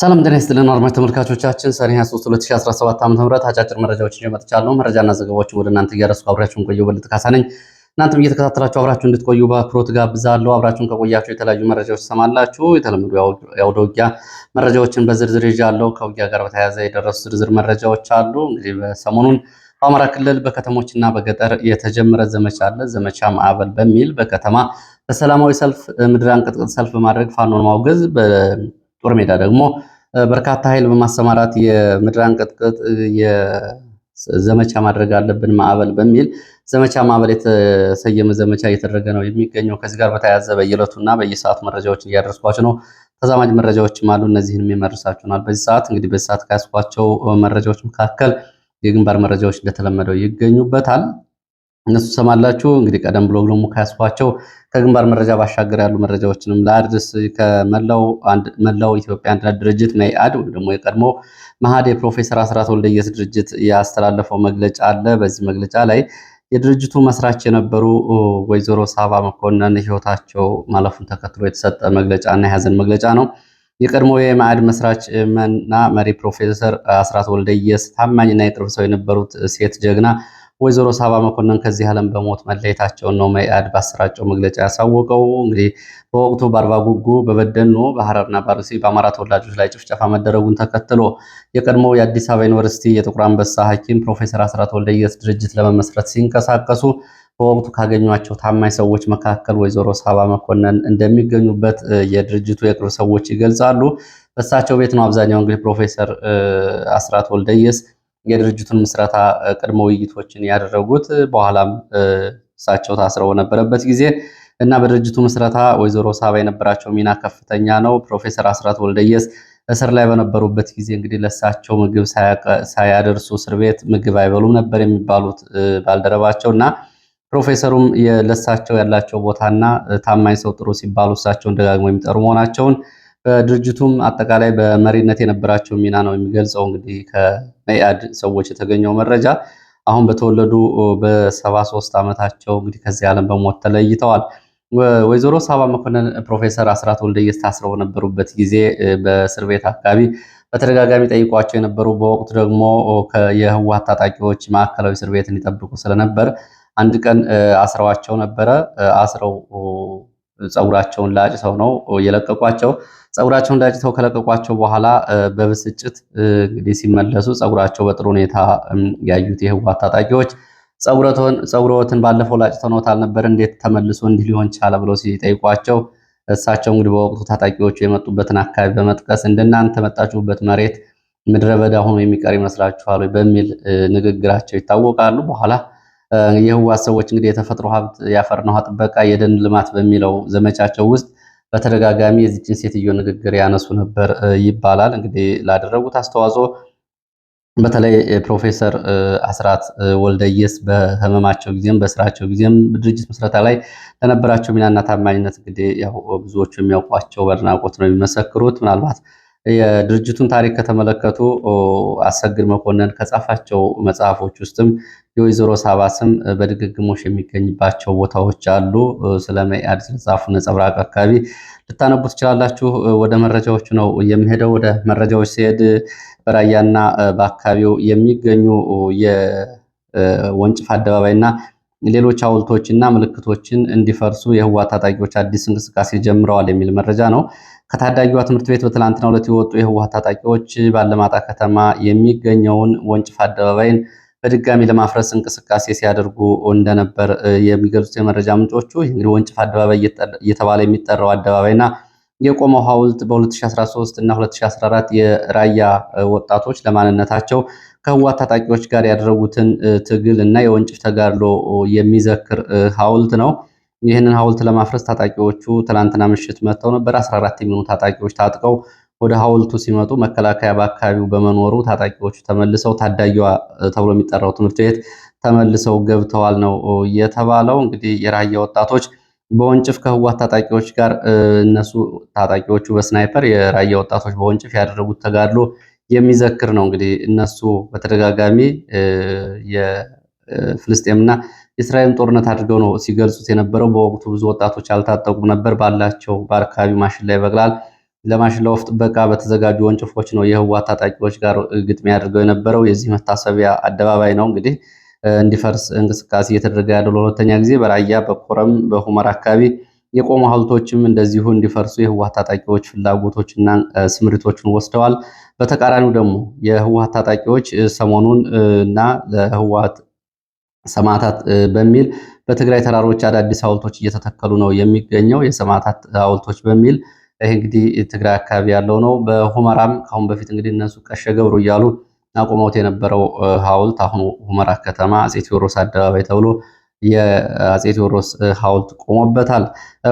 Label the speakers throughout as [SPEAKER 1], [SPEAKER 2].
[SPEAKER 1] ሰላም ጤና ይስጥልን አድማጭ ተመልካቾቻችን ሰኔ 23 2017 ዓ.ም አጫጭር መረጃዎችን ይዤ መጥቻለሁ። መረጃና ዘገባዎችን ወደ እናንተ እያደረስኩ አብራችሁን ቆየሁ። በልጥ ካሳ ነኝ። እናንተም እየተከታተላችሁ አብራችሁ እንድትቆዩ በአክብሮት ጋብዛለሁ። አብራችሁን ከቆያችሁ የተለያዩ መረጃዎች ትሰማላችሁ። የተለመዱ የአውደ ውጊያ መረጃዎችን በዝርዝር ይዣለሁ። ከውጊያ ጋር በተያያዘ የደረሱ ዝርዝር መረጃዎች አሉ። እንግዲህ በሰሞኑን በአማራ ክልል በከተሞችና በገጠር የተጀመረ ዘመቻ አለ። ዘመቻ ማዕበል በሚል በከተማ በሰላማዊ ሰልፍ ምድር አንቀጥቅጥ ሰልፍ በማድረግ ፋኖን ማውገዝ ጦር ሜዳ ደግሞ በርካታ ኃይል በማሰማራት የምድር አንቀጥቅጥ ዘመቻ ማድረግ አለብን ማዕበል በሚል ዘመቻ ማዕበል የተሰየመ ዘመቻ እየተደረገ ነው የሚገኘው። ከዚህ ጋር በተያያዘ እና በየሰዓቱ መረጃዎችን እያደረስኳቸው ነው። ተዛማጅ መረጃዎችም አሉ። እነዚህንም የመርሳችሁናል። በዚህ ሰዓት እንግዲህ በዚህ ሰዓት ካያስኳቸው መረጃዎች መካከል የግንባር መረጃዎች እንደተለመደው ይገኙበታል። እነሱ ሰማላችሁ እንግዲህ ቀደም ብሎ ደግሞ ካያስኳቸው ከግንባር መረጃ ባሻገር ያሉ መረጃዎችንም ለአድርስ ከመላው ኢትዮጵያ አንድነት ድርጅት መኢአድ ወይም ደግሞ የቀድሞ መሀድ የፕሮፌሰር አስራት ወልደየስ ድርጅት ያስተላለፈው መግለጫ አለ። በዚህ መግለጫ ላይ የድርጅቱ መስራች የነበሩ ወይዘሮ ሳባ መኮንን ህይወታቸው ማለፉን ተከትሎ የተሰጠ መግለጫ እና የሐዘን መግለጫ ነው። የቀድሞ የመኢአድ መስራች እና መሪ ፕሮፌሰር አስራት ወልደየስ ታማኝና የቅርብ ሰው የነበሩት ሴት ጀግና ወይዘሮ ሳባ መኮንን ከዚህ ዓለም በሞት መለየታቸውን ነው መኢአድ ባሰራጨው መግለጫ ያሳወቀው። እንግዲህ በወቅቱ በአርባጉጉ በበደኖ በሐረርና ባርሲ በአማራ ተወላጆች ላይ ጭፍጨፋ መደረጉን ተከትሎ የቀድሞው የአዲስ አበባ ዩኒቨርሲቲ የጥቁር አንበሳ ሐኪም ፕሮፌሰር አስራት ወልደየስ ድርጅት ለመመስረት ሲንቀሳቀሱ በወቅቱ ካገኟቸው ታማኝ ሰዎች መካከል ወይዘሮ ሳባ መኮንን እንደሚገኙበት የድርጅቱ የቅርብ ሰዎች ይገልጻሉ። በእሳቸው ቤት ነው አብዛኛው እንግዲህ ፕሮፌሰር አስራት ወልደየስ የድርጅቱን ምስረታ ቅድመ ውይይቶችን ያደረጉት በኋላም እሳቸው ታስረው በነበረበት ጊዜ እና በድርጅቱ ምስረታ ወይዘሮ ሳባ የነበራቸው ሚና ከፍተኛ ነው። ፕሮፌሰር አስራት ወልደየስ እስር ላይ በነበሩበት ጊዜ እንግዲህ ለእሳቸው ምግብ ሳያደርሱ እስር ቤት ምግብ አይበሉም ነበር የሚባሉት ባልደረባቸው እና ፕሮፌሰሩም ለእሳቸው ያላቸው ቦታና ታማኝ ሰው ጥሩ ሲባሉ እሳቸውን ደጋግሞ የሚጠሩ መሆናቸውን በድርጅቱም አጠቃላይ በመሪነት የነበራቸው ሚና ነው የሚገልጸው። እንግዲህ ከመኢአድ ሰዎች የተገኘው መረጃ አሁን በተወለዱ በ73 ዓመታቸው እንግዲህ ከዚህ ዓለም በሞት ተለይተዋል። ወይዘሮ ሳባ መኮንን ፕሮፌሰር አስራት ወልደየስ ታስረው በነበሩበት ጊዜ በእስር ቤት አካባቢ በተደጋጋሚ ጠይቋቸው የነበሩ በወቅቱ ደግሞ የህወሓት ታጣቂዎች ማዕከላዊ እስር ቤት እንዲጠብቁ ስለነበር አንድ ቀን አስረዋቸው ነበረ አስረው ፀጉራቸውን ላጭተው ነው የለቀቋቸው። ፀጉራቸውን ላጭተው ከለቀቋቸው በኋላ በብስጭት እንግዲህ ሲመለሱ ፀጉራቸው በጥሩ ሁኔታ ያዩት የህወሓት ታጣቂዎች ጸጉሮትን ባለፈው ላጭተው ነው ታልነበር እንዴት ተመልሶ እንዲህ ሊሆን ቻለ ብለው ሲጠይቋቸው እሳቸው እንግዲህ በወቅቱ ታጣቂዎቹ የመጡበትን አካባቢ በመጥቀስ እንደናንተ መጣችሁበት መሬት ምድረ በዳ ሆኖ የሚቀር ይመስላችኋል በሚል ንግግራቸው ይታወቃሉ በኋላ የህዋ ሰዎች እንግዲህ የተፈጥሮ ሀብት የአፈርና ውሃ ጥበቃ የደን ልማት በሚለው ዘመቻቸው ውስጥ በተደጋጋሚ የዚችን ሴትዮ ንግግር ያነሱ ነበር ይባላል። እንግዲህ ላደረጉት አስተዋጽኦ በተለይ ፕሮፌሰር አስራት ወልደየስ በህመማቸው ጊዜም በስራቸው ጊዜም ድርጅት መስረታ ላይ ለነበራቸው ሚናና ታማኝነት እንግዲህ ያው ብዙዎቹ የሚያውቋቸው በአድናቆት ነው የሚመሰክሩት ምናልባት የድርጅቱን ታሪክ ከተመለከቱ አሰግድ መኮንን ከጻፋቸው መጽሐፎች ውስጥም የወይዘሮ ሳባ ስም በድግግሞሽ የሚገኝባቸው ቦታዎች አሉ። ስለ መኢአድ ስለጻፉ ነጸብራቅ አካባቢ ልታነቡ ትችላላችሁ። ወደ መረጃዎች ነው የሚሄደው። ወደ መረጃዎች ሲሄድ በራያና በአካባቢው የሚገኙ የወንጭፍ አደባባይና ሌሎች ሐውልቶችና ምልክቶችን እንዲፈርሱ የህወሓት ታጣቂዎች አዲስ እንቅስቃሴ ጀምረዋል የሚል መረጃ ነው። ከታዳጊዋ ትምህርት ቤት በትላንትናው ዕለት የወጡ የህወሓት ታጣቂዎች ባለማጣ ከተማ የሚገኘውን ወንጭፍ አደባባይን በድጋሚ ለማፍረስ እንቅስቃሴ ሲያደርጉ እንደነበር የሚገልጹት የመረጃ ምንጮቹ እንግዲህ ወንጭፍ አደባባይ እየተባለ የሚጠራው አደባባይና የቆመው ሐውልት በ2013 እና 2014 የራያ ወጣቶች ለማንነታቸው ከህወሓት ታጣቂዎች ጋር ያደረጉትን ትግል እና የወንጭፍ ተጋድሎ የሚዘክር ሐውልት ነው። ይህንን ሐውልት ለማፍረስ ታጣቂዎቹ ትላንትና ምሽት መጥተው ነበር። 14 የሚሆኑ ታጣቂዎች ታጥቀው ወደ ሐውልቱ ሲመጡ መከላከያ በአካባቢው በመኖሩ ታጣቂዎቹ ተመልሰው ታዳጊዋ ተብሎ የሚጠራው ትምህርት ቤት ተመልሰው ገብተዋል ነው የተባለው። እንግዲህ የራያ ወጣቶች በወንጭፍ ከህዋት ታጣቂዎች ጋር እነሱ ታጣቂዎቹ በስናይፐር የራያ ወጣቶች በወንጭፍ ያደረጉት ተጋድሎ የሚዘክር ነው። እንግዲህ እነሱ በተደጋጋሚ የፍልስጤምና የእስራኤልን ጦርነት አድርገው ነው ሲገልጹት የነበረው። በወቅቱ ብዙ ወጣቶች አልታጠቁም ነበር። ባላቸው በአካባቢ ማሽላ ይበቅላል ለማሽላ ወፍ ጥበቃ በተዘጋጁ ወንጭፎች ነው የህወሓት ታጣቂዎች ጋር ግጥሚያ አድርገው የነበረው። የዚህ መታሰቢያ አደባባይ ነው እንግዲህ እንዲፈርስ እንቅስቃሴ እየተደረገ ያለው። ለሁለተኛ ጊዜ በራያ በኮረም በሁመር አካባቢ የቆሙ ሐውልቶችም እንደዚሁ እንዲፈርሱ የህዋ ታጣቂዎች ፍላጎቶችና ስምሪቶችን ወስደዋል። በተቃራኒው ደግሞ የህወሀት ታጣቂዎች ሰሞኑን እና ለህወሀት ሰማዕታት በሚል በትግራይ ተራሮች አዳዲስ ሀውልቶች እየተተከሉ ነው የሚገኘው። የሰማዕታት ሀውልቶች በሚል ይህ እንግዲህ ትግራይ አካባቢ ያለው ነው። በሁመራም ከአሁን በፊት እንግዲህ እነሱ ቀሸ ገብሩ እያሉ አቁመውት የነበረው ሀውልት አሁኑ ሁመራ ከተማ አፄ ቴዎድሮስ አደባባይ ተብሎ የአጼ ቴዎድሮስ ሐውልት ቆሞበታል።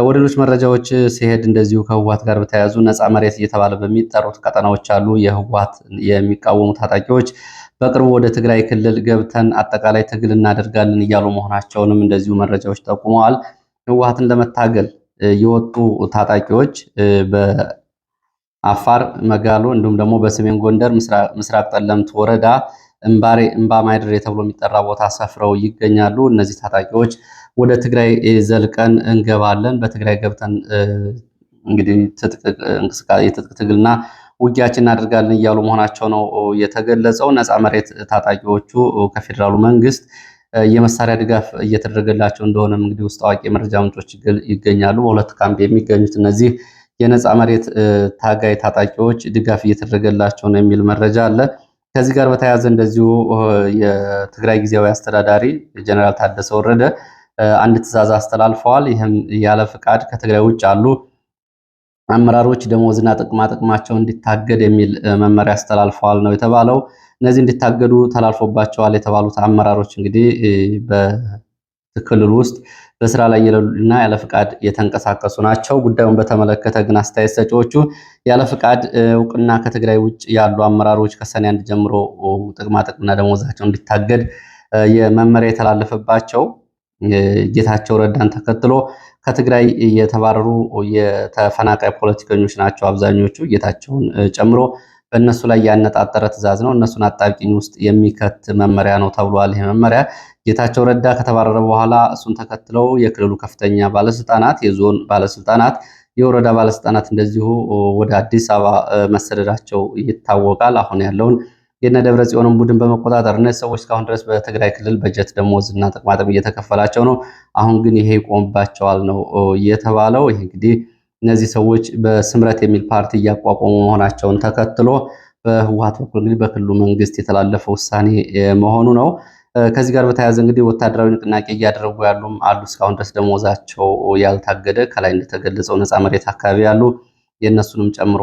[SPEAKER 1] ወደ ሌሎች መረጃዎች ሲሄድ እንደዚሁ ከህወሓት ጋር በተያያዙ ነፃ መሬት እየተባለ በሚጠሩት ቀጠናዎች አሉ የህወሓት የሚቃወሙ ታጣቂዎች በቅርቡ ወደ ትግራይ ክልል ገብተን አጠቃላይ ትግል እናደርጋለን እያሉ መሆናቸውንም እንደዚሁ መረጃዎች ጠቁመዋል። ህወሓትን ለመታገል የወጡ ታጣቂዎች በአፋር መጋሎ እንዲሁም ደግሞ በሰሜን ጎንደር ምስራቅ ጠለምት ወረዳ እምባሬ እምባ ማይድሬ ተብሎ የሚጠራ ቦታ ሰፍረው ይገኛሉ። እነዚህ ታጣቂዎች ወደ ትግራይ ዘልቀን እንገባለን፣ በትግራይ ገብተን እንግዲህ የትጥቅ ትግልና ውጊያችን እናደርጋለን እያሉ መሆናቸው ነው የተገለጸው። ነፃ መሬት ታጣቂዎቹ ከፌዴራሉ መንግስት የመሳሪያ ድጋፍ እየተደረገላቸው እንደሆነም እንግዲህ ውስጥ አዋቂ የመረጃ ምንጮች ይገኛሉ። በሁለት ካምፕ የሚገኙት እነዚህ የነፃ መሬት ታጋይ ታጣቂዎች ድጋፍ እየተደረገላቸው ነው የሚል መረጃ አለ። ከዚህ ጋር በተያያዘ እንደዚሁ የትግራይ ጊዜያዊ አስተዳዳሪ ጀነራል ታደሰ ወረደ አንድ ትዕዛዝ አስተላልፈዋል። ይህም ያለ ፍቃድ ከትግራይ ውጭ አሉ አመራሮች ደሞዝና ጥቅማ ጥቅማቸው እንዲታገድ የሚል መመሪያ አስተላልፈዋል ነው የተባለው። እነዚህ እንዲታገዱ ተላልፎባቸዋል የተባሉት አመራሮች እንግዲህ ክልል ውስጥ በስራ ላይ የሌሉና ያለ ፍቃድ የተንቀሳቀሱ ናቸው። ጉዳዩን በተመለከተ ግን አስተያየት ሰጪዎቹ ያለ ፍቃድ እውቅና ከትግራይ ውጭ ያሉ አመራሮች ከሰኔ አንድ ጀምሮ ጥቅማጥቅምና ደሞዛቸው እንዲታገድ የመመሪያ የተላለፈባቸው ጌታቸው ረዳን ተከትሎ ከትግራይ የተባረሩ የተፈናቃይ ፖለቲከኞች ናቸው። አብዛኞቹ ጌታቸውን ጨምሮ በእነሱ ላይ ያነጣጠረ ትዕዛዝ ነው። እነሱን አጣብቂኝ ውስጥ የሚከት መመሪያ ነው ተብሏል። ይህ መመሪያ ጌታቸው ረዳ ከተባረረ በኋላ እሱን ተከትለው የክልሉ ከፍተኛ ባለስልጣናት፣ የዞን ባለስልጣናት፣ የወረዳ ባለስልጣናት እንደዚሁ ወደ አዲስ አበባ መሰደዳቸው ይታወቃል። አሁን ያለውን የነ ደብረ ጽዮንን ቡድን በመቆጣጠር እነዚህ ሰዎች እስካሁን ድረስ በትግራይ ክልል በጀት ደሞዝና ጥቅማጥቅም እየተከፈላቸው ነው። አሁን ግን ይሄ ይቆምባቸዋል ነው እየተባለው። ይህ እንግዲህ እነዚህ ሰዎች በስምረት የሚል ፓርቲ እያቋቋሙ መሆናቸውን ተከትሎ በህወሀት በኩል እንግዲህ በክልሉ መንግስት የተላለፈ ውሳኔ መሆኑ ነው። ከዚህ ጋር በተያያዘ እንግዲህ ወታደራዊ ንቅናቄ እያደረጉ ያሉም አሉ። እስካሁን ድረስ ደሞዛቸው ያልታገደ ከላይ እንደተገለጸው ነፃ መሬት አካባቢ ያሉ የእነሱንም ጨምሮ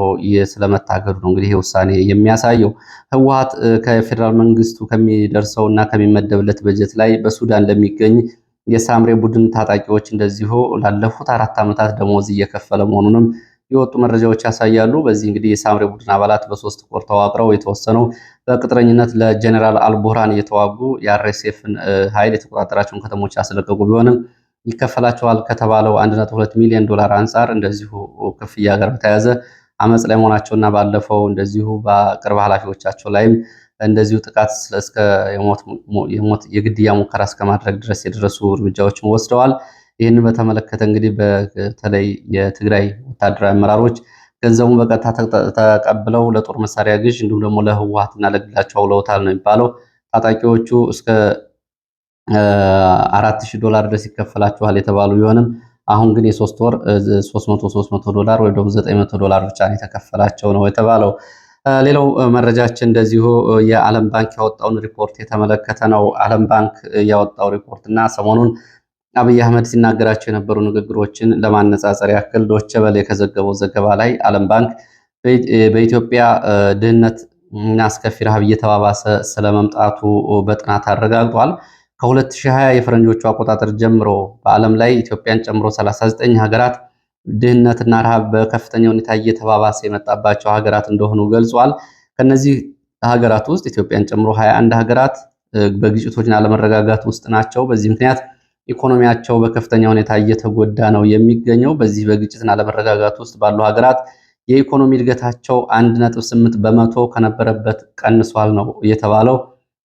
[SPEAKER 1] ስለመታገዱ ነው እንግዲህ ይህ ውሳኔ የሚያሳየው። ህወሀት ከፌዴራል መንግስቱ ከሚደርሰው እና ከሚመደብለት በጀት ላይ በሱዳን ለሚገኝ የሳምሬ ቡድን ታጣቂዎች እንደዚሁ ላለፉት አራት ዓመታት ደሞዝ እየከፈለ መሆኑንም የወጡ መረጃዎች ያሳያሉ። በዚህ እንግዲህ የሳምሬ ቡድን አባላት በሶስት ኮር ተዋቅረው የተወሰኑ በቅጥረኝነት ለጀኔራል አልቡርሃን እየተዋጉ የአርኤስኤፍን ኃይል የተቆጣጠራቸውን ከተሞች ያስለቀቁ ቢሆንም ይከፈላቸዋል ከተባለው 1.2 ሚሊዮን ዶላር አንጻር እንደዚሁ ክፍያ ጋር በተያያዘ አመፅ ላይ መሆናቸውና ባለፈው እንደዚሁ በቅርብ ኃላፊዎቻቸው ላይም እንደዚሁ ጥቃት እስከ የግድያ ሙከራ እስከማድረግ ድረስ የደረሱ እርምጃዎችን ወስደዋል። ይህንን በተመለከተ እንግዲህ በተለይ የትግራይ ወታደራዊ አመራሮች ገንዘቡን በቀጥታ ተቀብለው ለጦር መሳሪያ ግዥ እንዲሁም ደግሞ ለህወሓትና ለግላቸው አውለውታል ነው የሚባለው። ታጣቂዎቹ እስከ አራት ሺህ ዶላር ድረስ ይከፈላችኋል የተባሉ ቢሆንም አሁን ግን የሶስት ወር ሶስት መቶ ሶስት መቶ ዶላር ወይም ደግሞ ዘጠኝ መቶ ዶላር ብቻ የተከፈላቸው ነው የተባለው። ሌላው መረጃችን እንደዚሁ የዓለም ባንክ ያወጣውን ሪፖርት የተመለከተ ነው። ዓለም ባንክ ያወጣው ሪፖርት እና ሰሞኑን አብይ አህመድ ሲናገራቸው የነበሩ ንግግሮችን ለማነጻጸር ያክል ዶቼ ቬለ ከዘገበው ዘገባ ላይ ዓለም ባንክ በኢትዮጵያ ድህነት እና አስከፊ ረሃብ እየተባባሰ ስለመምጣቱ በጥናት አረጋግጧል። ከ2020 የፈረንጆቹ አቆጣጠር ጀምሮ በዓለም ላይ ኢትዮጵያን ጨምሮ 39 ሀገራት ድህነትና ረሃብ በከፍተኛ ሁኔታ እየተባባሰ የመጣባቸው ሀገራት እንደሆኑ ገልጿል። ከነዚህ ሀገራት ውስጥ ኢትዮጵያን ጨምሮ 21 ሀገራት በግጭቶችና አለመረጋጋት ውስጥ ናቸው። በዚህ ምክንያት ኢኮኖሚያቸው በከፍተኛ ሁኔታ እየተጎዳ ነው የሚገኘው። በዚህ በግጭትና አለመረጋጋት ውስጥ ባሉ ሀገራት የኢኮኖሚ እድገታቸው 1.8 በመቶ ከነበረበት ቀንሷል ነው የተባለው።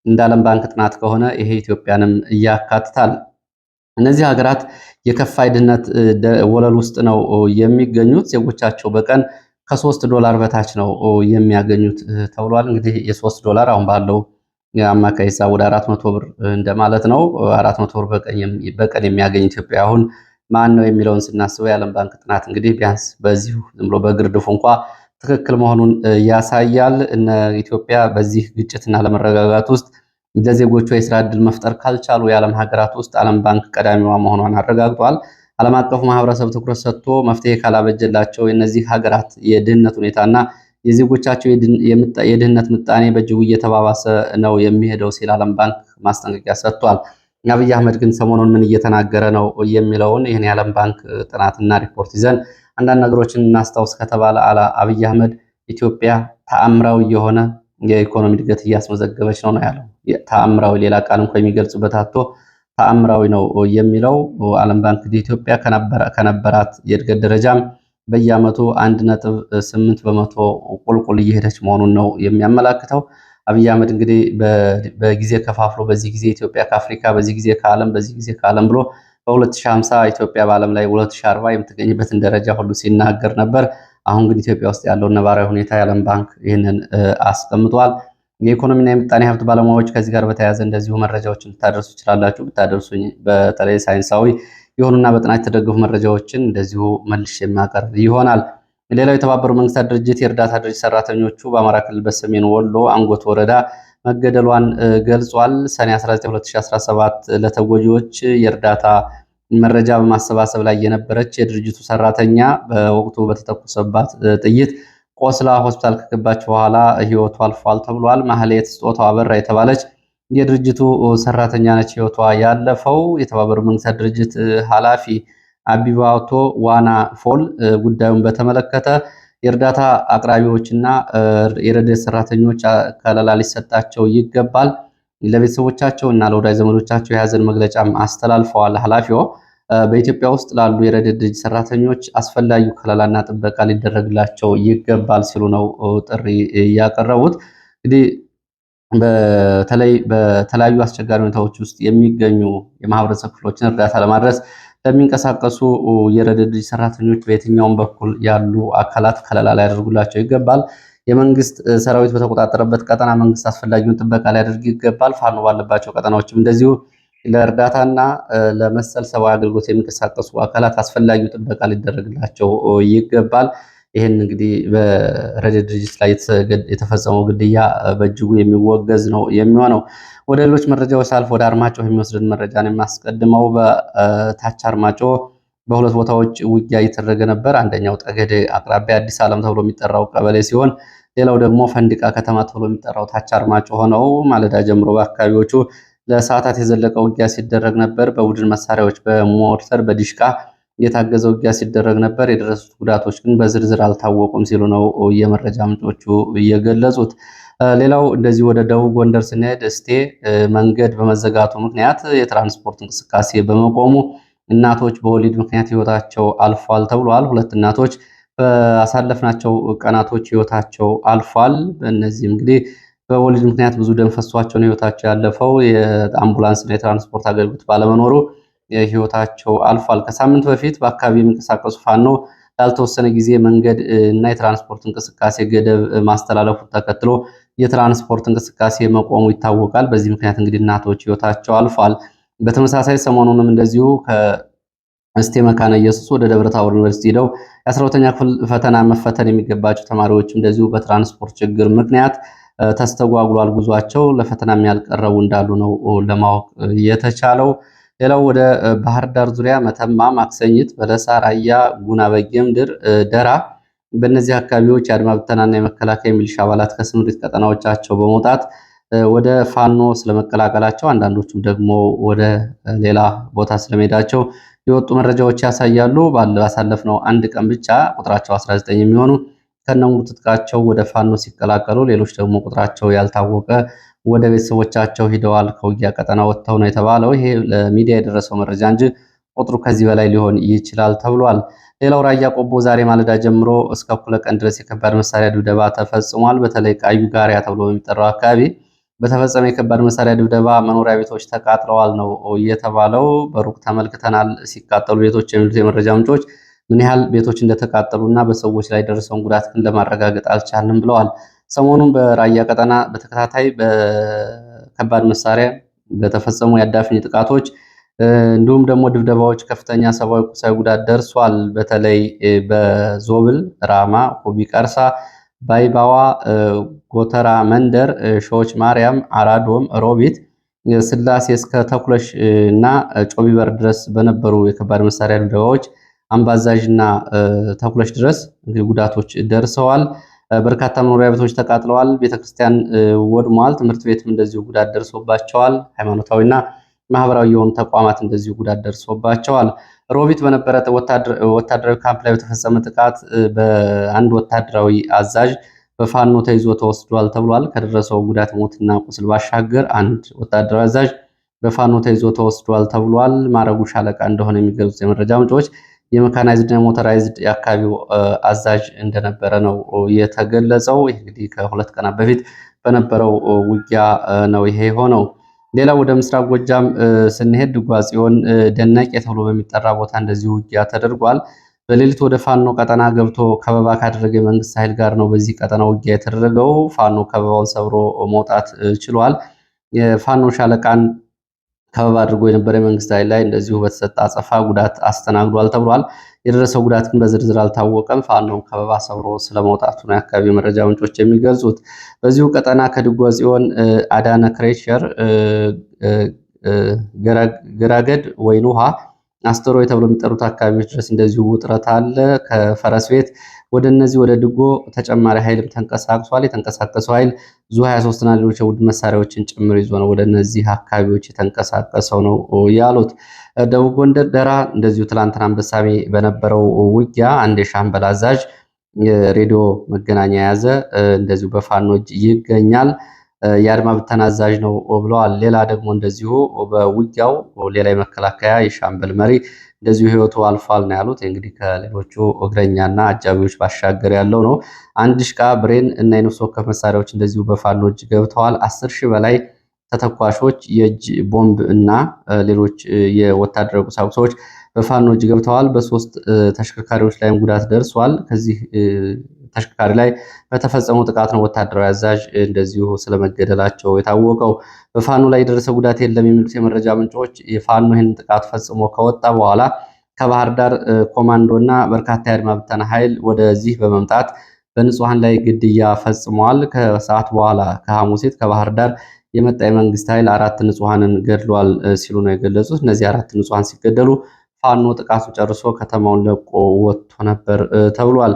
[SPEAKER 1] እንደ ዓለም ባንክ ጥናት ከሆነ ይሄ ኢትዮጵያንም እያካትታል። እነዚህ ሀገራት የከፋ ድህነት ወለል ውስጥ ነው የሚገኙት። ዜጎቻቸው በቀን ከሶስት ዶላር በታች ነው የሚያገኙት ተብሏል። እንግዲህ የሶስት ዶላር አሁን ባለው አማካይ ሂሳብ ወደ አራት መቶ ብር እንደማለት ነው። አራት መቶ ብር በቀን የሚያገኝ ኢትዮጵያ አሁን ማን ነው የሚለውን ስናስበው የዓለም ባንክ ጥናት እንግዲህ ቢያንስ በዚሁ ዝም ብሎ በግርድፉ እንኳ ትክክል መሆኑን ያሳያል። እነ ኢትዮጵያ በዚህ ግጭትና ለመረጋጋት ውስጥ ለዜጎቿ የስራ ዕድል መፍጠር ካልቻሉ የዓለም ሀገራት ውስጥ ዓለም ባንክ ቀዳሚዋ መሆኗን አረጋግጧል። ዓለም አቀፉ ማህበረሰብ ትኩረት ሰጥቶ መፍትሄ ካላበጀላቸው የእነዚህ ሀገራት የድህነት ሁኔታና የዜጎቻቸው የድህነት ምጣኔ በእጅጉ እየተባባሰ ነው የሚሄደው ሲል ዓለም ባንክ ማስጠንቀቂያ ሰጥቷል። አብይ አህመድ ግን ሰሞኑን ምን እየተናገረ ነው የሚለውን ይህን የዓለም ባንክ ጥናትና ሪፖርት ይዘን አንዳንድ ነገሮችን እናስታውስ ከተባለ አብይ አህመድ ኢትዮጵያ ተአምራዊ የሆነ የኢኮኖሚ እድገት እያስመዘገበች ነው ነው ያለው። ተአምራዊ ሌላ ቃል እንኳ የሚገልጹበት አቶ ተአምራዊ ነው የሚለው ዓለም ባንክ ኢትዮጵያ ከነበራት የእድገት ደረጃም በየዓመቱ አንድ ነጥብ ስምንት በመቶ ቁልቁል እየሄደች መሆኑን ነው የሚያመላክተው። አብይ አህመድ እንግዲህ በጊዜ ከፋፍሎ በዚህ ጊዜ ኢትዮጵያ ከአፍሪካ፣ በዚህ ጊዜ ከዓለም፣ በዚህ ጊዜ ከዓለም ብሎ በ2050 ኢትዮጵያ በዓለም ላይ 2040 የምትገኝበትን ደረጃ ሁሉ ሲናገር ነበር። አሁን ግን ኢትዮጵያ ውስጥ ያለውን ነባራዊ ሁኔታ የዓለም ባንክ ይህንን አስቀምጧል። የኢኮኖሚና የምጣኔ ሀብት ባለሙያዎች ከዚህ ጋር በተያያዘ እንደዚሁ መረጃዎችን ልታደርሱ ይችላላችሁ። ብታደርሱኝ በተለይ ሳይንሳዊ የሆኑና በጥናት የተደገፉ መረጃዎችን እንደዚሁ መልሽ የሚያቀርብ ይሆናል። ሌላው የተባበሩ መንግስታት ድርጅት የእርዳታ ድርጅት ሰራተኞቹ በአማራ ክልል በሰሜን ወሎ አንጎት ወረዳ መገደሏን ገልጿል። ሰኔ 19 2017 ለተጎጂዎች የእርዳታ መረጃ በማሰባሰብ ላይ የነበረች የድርጅቱ ሰራተኛ በወቅቱ በተተኮሰባት ጥይት ቆስላ ሆስፒታል ከገባች በኋላ ህይወቱ አልፏል ተብሏል። ማህሌት ስጦታው አበራ የተባለች የድርጅቱ ሰራተኛ ነች ህይወቷ ያለፈው። የተባበሩት መንግስታት ድርጅት ኃላፊ አቢባቶ ዋና ፎል ጉዳዩን በተመለከተ የእርዳታ አቅራቢዎችና የረድኤት ሰራተኞች ከለላ ሊሰጣቸው ይገባል፣ ለቤተሰቦቻቸውና ለወዳጅ ዘመዶቻቸው የሀዘን መግለጫም አስተላልፈዋል። ኃላፊዋ በኢትዮጵያ ውስጥ ላሉ የረድኤት ድርጅት ሰራተኞች አስፈላጊ ከለላና ጥበቃ ሊደረግላቸው ይገባል ሲሉ ነው ጥሪ ያቀረቡት እንግዲህ በተለይ በተለያዩ አስቸጋሪ ሁኔታዎች ውስጥ የሚገኙ የማህበረሰብ ክፍሎችን እርዳታ ለማድረስ ለሚንቀሳቀሱ የረድኤት ድርጅት ሰራተኞች በየትኛውም በኩል ያሉ አካላት ከለላ ሊያደርጉላቸው ይገባል። የመንግስት ሰራዊት በተቆጣጠረበት ቀጠና መንግስት አስፈላጊውን ጥበቃ ሊያደርግ ይገባል። ፋኖ ባለባቸው ቀጠናዎችም እንደዚሁ ለእርዳታና ለመሰል ሰብአዊ አገልግሎት የሚንቀሳቀሱ አካላት አስፈላጊው ጥበቃ ሊደረግላቸው ይገባል። ይህን እንግዲህ በረድኤት ድርጅት ላይ የተፈጸመው ግድያ በእጅጉ የሚወገዝ ነው የሚሆነው። ወደ ሌሎች መረጃዎች ሳልፍ ወደ አርማጭሆ የሚወስድን መረጃ ነው የማስቀድመው። በታች አርማጭሆ በሁለት ቦታዎች ውጊያ እየተደረገ ነበር። አንደኛው ጠገዴ አቅራቢያ አዲስ ዓለም ተብሎ የሚጠራው ቀበሌ ሲሆን ሌላው ደግሞ ፈንዲቃ ከተማ ተብሎ የሚጠራው ታች አርማጭሆ ነው። ማለዳ ጀምሮ በአካባቢዎቹ ለሰዓታት የዘለቀ ውጊያ ሲደረግ ነበር። በቡድን መሳሪያዎች፣ በሞርተር፣ በዲሽቃ የታገዘ ውጊያ ሲደረግ ነበር። የደረሱት ጉዳቶች ግን በዝርዝር አልታወቁም ሲሉ ነው የመረጃ ምንጮቹ እየገለጹት። ሌላው እንደዚህ ወደ ደቡብ ጎንደር ስንሄድ እስቴ መንገድ በመዘጋቱ ምክንያት የትራንስፖርት እንቅስቃሴ በመቆሙ እናቶች በወሊድ ምክንያት ህይወታቸው አልፏል ተብሏል። ሁለት እናቶች በአሳለፍናቸው ቀናቶች ህይወታቸው አልፏል። በእነዚህም እንግዲህ በወሊድ ምክንያት ብዙ ደም ፈሷቸው ነው ሕይወታቸው ያለፈው የአምቡላንስና የትራንስፖርት አገልግሎት ባለመኖሩ ህይወታቸው አልፏል። ከሳምንት በፊት በአካባቢ የሚንቀሳቀሱ ፋኖ ላልተወሰነ ጊዜ መንገድ እና የትራንስፖርት እንቅስቃሴ ገደብ ማስተላለፉ ተከትሎ የትራንስፖርት እንቅስቃሴ መቆሙ ይታወቃል። በዚህ ምክንያት እንግዲህ እናቶች ህይወታቸው አልፏል። በተመሳሳይ ሰሞኑንም እንደዚሁ ከእስቴ መካነ ኢየሱስ ወደ ደብረ ታቦር ዩኒቨርሲቲ ሄደው የአስራሁለተኛ ክፍል ፈተና መፈተን የሚገባቸው ተማሪዎች እንደዚሁ በትራንስፖርት ችግር ምክንያት ተስተጓጉሏል። ጉዟቸው ለፈተናም ያልቀረቡ እንዳሉ ነው ለማወቅ የተቻለው። ሌላው ወደ ባህር ዳር ዙሪያ መተማ፣ ማክሰኝት፣ በለሳ፣ ራያ፣ ጉና፣ በጌምድር፣ ደራ በእነዚህ አካባቢዎች የአድማ ብተናና የመከላከያ ሚሊሻ አባላት ከስምሪት ቀጠናዎቻቸው በመውጣት ወደ ፋኖ ስለመቀላቀላቸው አንዳንዶቹም ደግሞ ወደ ሌላ ቦታ ስለመሄዳቸው የወጡ መረጃዎች ያሳያሉ። ባሳለፍነው አንድ ቀን ብቻ ቁጥራቸው 19 የሚሆኑ ከነሙሉ ትጥቃቸው ወደ ፋኖ ሲቀላቀሉ፣ ሌሎች ደግሞ ቁጥራቸው ያልታወቀ ወደ ቤተሰቦቻቸው ሂደዋል። ከውጊያ ቀጠና ወጥተው ነው የተባለው። ይሄ ለሚዲያ የደረሰው መረጃ እንጂ ቁጥሩ ከዚህ በላይ ሊሆን ይችላል ተብሏል። ሌላው ራያ ቆቦ ዛሬ ማለዳ ጀምሮ እስከ እኩለ ቀን ድረስ የከባድ መሳሪያ ድብደባ ተፈጽሟል። በተለይ ቃዩ ጋሪያ ተብሎ በሚጠራው አካባቢ በተፈጸመ የከባድ መሳሪያ ድብደባ መኖሪያ ቤቶች ተቃጥለዋል ነው እየተባለው። በሩቅ ተመልክተናል ሲቃጠሉ ቤቶች የሚሉት የመረጃ ምንጮች ምን ያህል ቤቶች እንደተቃጠሉ እና በሰዎች ላይ ደርሰውን ጉዳት ግን ለማረጋገጥ አልቻልም ብለዋል። ሰሞኑን በራያ ቀጠና በተከታታይ በከባድ መሳሪያ በተፈጸሙ የአዳፍኝ ጥቃቶች እንዲሁም ደግሞ ድብደባዎች ከፍተኛ ሰብአዊ፣ ቁሳዊ ጉዳት ደርሷል። በተለይ በዞብል ራማ፣ ሁቢ ቀርሳ፣ ባይባዋ፣ ጎተራ መንደር፣ ሾዎች ማርያም፣ አራዶም፣ ሮቢት፣ ስላሴ እስከ ተኩለሽ እና ጮቢበር ድረስ በነበሩ የከባድ መሳሪያ ድብደባዎች አምባዛዥና ተኩለሽ ድረስ ጉዳቶች ደርሰዋል። በርካታ መኖሪያ ቤቶች ተቃጥለዋል። ቤተክርስቲያን ወድሟል። ትምህርት ቤትም እንደዚሁ ጉዳት ደርሶባቸዋል። ሃይማኖታዊና ማህበራዊ የሆኑ ተቋማት እንደዚሁ ጉዳት ደርሶባቸዋል። ሮቢት በነበረ ወታደራዊ ካምፕ ላይ በተፈጸመ ጥቃት በአንድ ወታደራዊ አዛዥ በፋኖ ተይዞ ተወስዷል ተብሏል። ከደረሰው ጉዳት ሞትና ቁስል ባሻገር አንድ ወታደራዊ አዛዥ በፋኖ ተይዞ ተወስዷል ተብሏል። ማረጉ ሻለቃ እንደሆነ የሚገልጹት የመረጃ ምንጮች የመካናይዝድ እና ሞተራይዝድ የአካባቢው አዛዥ እንደነበረ ነው የተገለጸው። ይህ እንግዲህ ከሁለት ቀናት በፊት በነበረው ውጊያ ነው ይሄ የሆነው። ሌላው ወደ ምስራቅ ጎጃም ስንሄድ ጓጽዮን ደነቄ ተብሎ በሚጠራ ቦታ እንደዚህ ውጊያ ተደርጓል። በሌሊት ወደ ፋኖ ቀጠና ገብቶ ከበባ ካደረገ የመንግስት ኃይል ጋር ነው በዚህ ቀጠና ውጊያ የተደረገው። ፋኖ ከበባውን ሰብሮ መውጣት ችሏል። የፋኖ ሻለቃን ከበባ አድርጎ የነበረ መንግስት ኃይል ላይ እንደዚሁ በተሰጠ አጸፋ ጉዳት አስተናግዷል ተብሏል። የደረሰው ጉዳት ግን በዝርዝር አልታወቀም። ፋኖም ከበባ ሰብሮ ስለመውጣቱ ነው የአካባቢ መረጃ ምንጮች የሚገልጹት። በዚሁ ቀጠና ከድጎ ጽዮን አዳነ ክሬቸር ገራገድ ወይን ውሃ አስተሮ ተብሎ የሚጠሩት አካባቢዎች ድረስ እንደዚሁ ውጥረት አለ። ከፈረስ ቤት ወደ እነዚህ ወደ ድጎ ተጨማሪ ኃይልም ተንቀሳቅሷል። የተንቀሳቀሰው ኃይል ዙ 23ና ሌሎች የውድ መሳሪያዎችን ጭምር ይዞ ነው ወደ እነዚህ አካባቢዎች የተንቀሳቀሰው ነው ያሉት። ደቡብ ጎንደር ደራ እንደዚሁ ትላንትና አንበሳሜ በነበረው ውጊያ አንድ የሻምበል አዛዥ ሬዲዮ መገናኛ የያዘ እንደዚሁ በፋኖ እጅ ይገኛል። የአድማ ብተና አዛዥ ነው ብለዋል። ሌላ ደግሞ እንደዚሁ በውጊያው ሌላ የመከላከያ የሻምበል መሪ እንደዚሁ ህይወቱ አልፏል ነው ያሉት። እንግዲህ ከሌሎቹ እግረኛና አጃቢዎች ባሻገር ያለው ነው። አንድ ሽቃ ብሬን እና የነፍስ ወከፍ መሳሪያዎች እንደዚሁ በፋኖ እጅ ገብተዋል። አስር ሺህ በላይ ተተኳሾች የእጅ ቦምብ እና ሌሎች የወታደራዊ ቁሳቁሶች በፋኖ እጅ ገብተዋል። በሶስት ተሽከርካሪዎች ላይም ጉዳት ደርሷል። ከዚህ ተሽከርካሪ ላይ በተፈጸሙ ጥቃት ነው ወታደራዊ አዛዥ እንደዚሁ ስለመገደላቸው የታወቀው። በፋኖ ላይ የደረሰ ጉዳት የለም የሚሉት የመረጃ ምንጮች የፋኖ ይህን ጥቃት ፈጽሞ ከወጣ በኋላ ከባህር ዳር ኮማንዶ እና በርካታ የአድማ ብተና ኃይል ወደዚህ በመምጣት በንጹሐን ላይ ግድያ ፈጽመዋል። ከሰዓት በኋላ ከሐሙሴት ከባህር ዳር የመጣ የመንግስት ኃይል አራት ንጹሐንን ገድሏል ሲሉ ነው የገለጹት። እነዚህ አራት ንጹሐን ሲገደሉ ፋኖ ጥቃቱ ጨርሶ ከተማውን ለቆ ወጥቶ ነበር ተብሏል።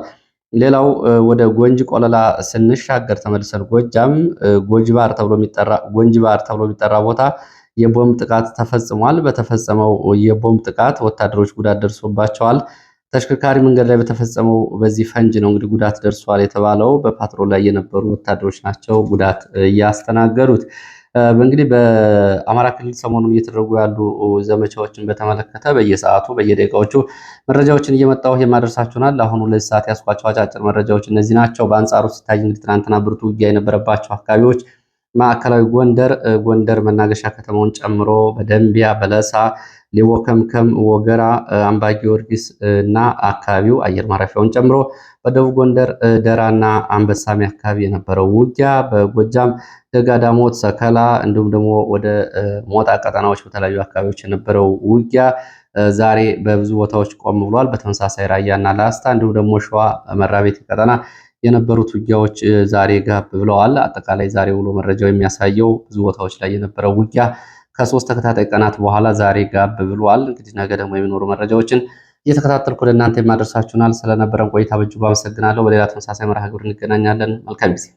[SPEAKER 1] ሌላው ወደ ጎንጅ ቆለላ ስንሻገር ተመልሰን ጎጃም ጎንጅባር ተብሎ የሚጠራ ጎንጅባር ተብሎ የሚጠራ ቦታ የቦምብ ጥቃት ተፈጽሟል። በተፈጸመው የቦምብ ጥቃት ወታደሮች ጉዳት ደርሶባቸዋል። ተሽከርካሪ መንገድ ላይ በተፈጸመው በዚህ ፈንጅ ነው እንግዲህ ጉዳት ደርሷል የተባለው። በፓትሮል ላይ የነበሩ ወታደሮች ናቸው ጉዳት እያስተናገዱት። እንግዲህ በአማራ ክልል ሰሞኑን እየተደረጉ ያሉ ዘመቻዎችን በተመለከተ በየሰዓቱ በየደቂቃዎቹ መረጃዎችን እየመጣሁ የማደርሳችሁናል። አሁኑ ለዚህ ሰዓት ያስኳቸው አጫጭር መረጃዎች እነዚህ ናቸው። በአንጻሩ ሲታይ እንግዲህ ትናንትና ብርቱ ውጊያ የነበረባቸው አካባቢዎች ማዕከላዊ ጎንደር፣ ጎንደር መናገሻ ከተማውን ጨምሮ በደንቢያ፣ በለሳ፣ ሌቦ ከምከም፣ ወገራ፣ አምባ ጊዮርጊስ እና አካባቢው አየር ማረፊያውን ጨምሮ በደቡብ ጎንደር ደራና አንበሳሚ አካባቢ የነበረው ውጊያ በጎጃም ከጋዳሞት ሰከላ፣ እንዲሁም ደግሞ ወደ ሞጣ ቀጠናዎች በተለያዩ አካባቢዎች የነበረው ውጊያ ዛሬ በብዙ ቦታዎች ቆም ብሏል። በተመሳሳይ ራያና ላስታ እንዲሁም ደግሞ ሸዋ መራቤት ቀጠና የነበሩት ውጊያዎች ዛሬ ጋብ ብለዋል። አጠቃላይ ዛሬ ውሎ መረጃው የሚያሳየው ብዙ ቦታዎች ላይ የነበረው ውጊያ ከሶስት ተከታታይ ቀናት በኋላ ዛሬ ጋብ ብሏል። እንግዲህ ነገ ደግሞ የሚኖሩ መረጃዎችን እየተከታተልኩ ለእናንተ የማደርሳችሁናል። ስለነበረን ቆይታ በእጅጉ አመሰግናለሁ። በሌላ ተመሳሳይ መርሃ ግብር እንገናኛለን። መልካም ጊዜ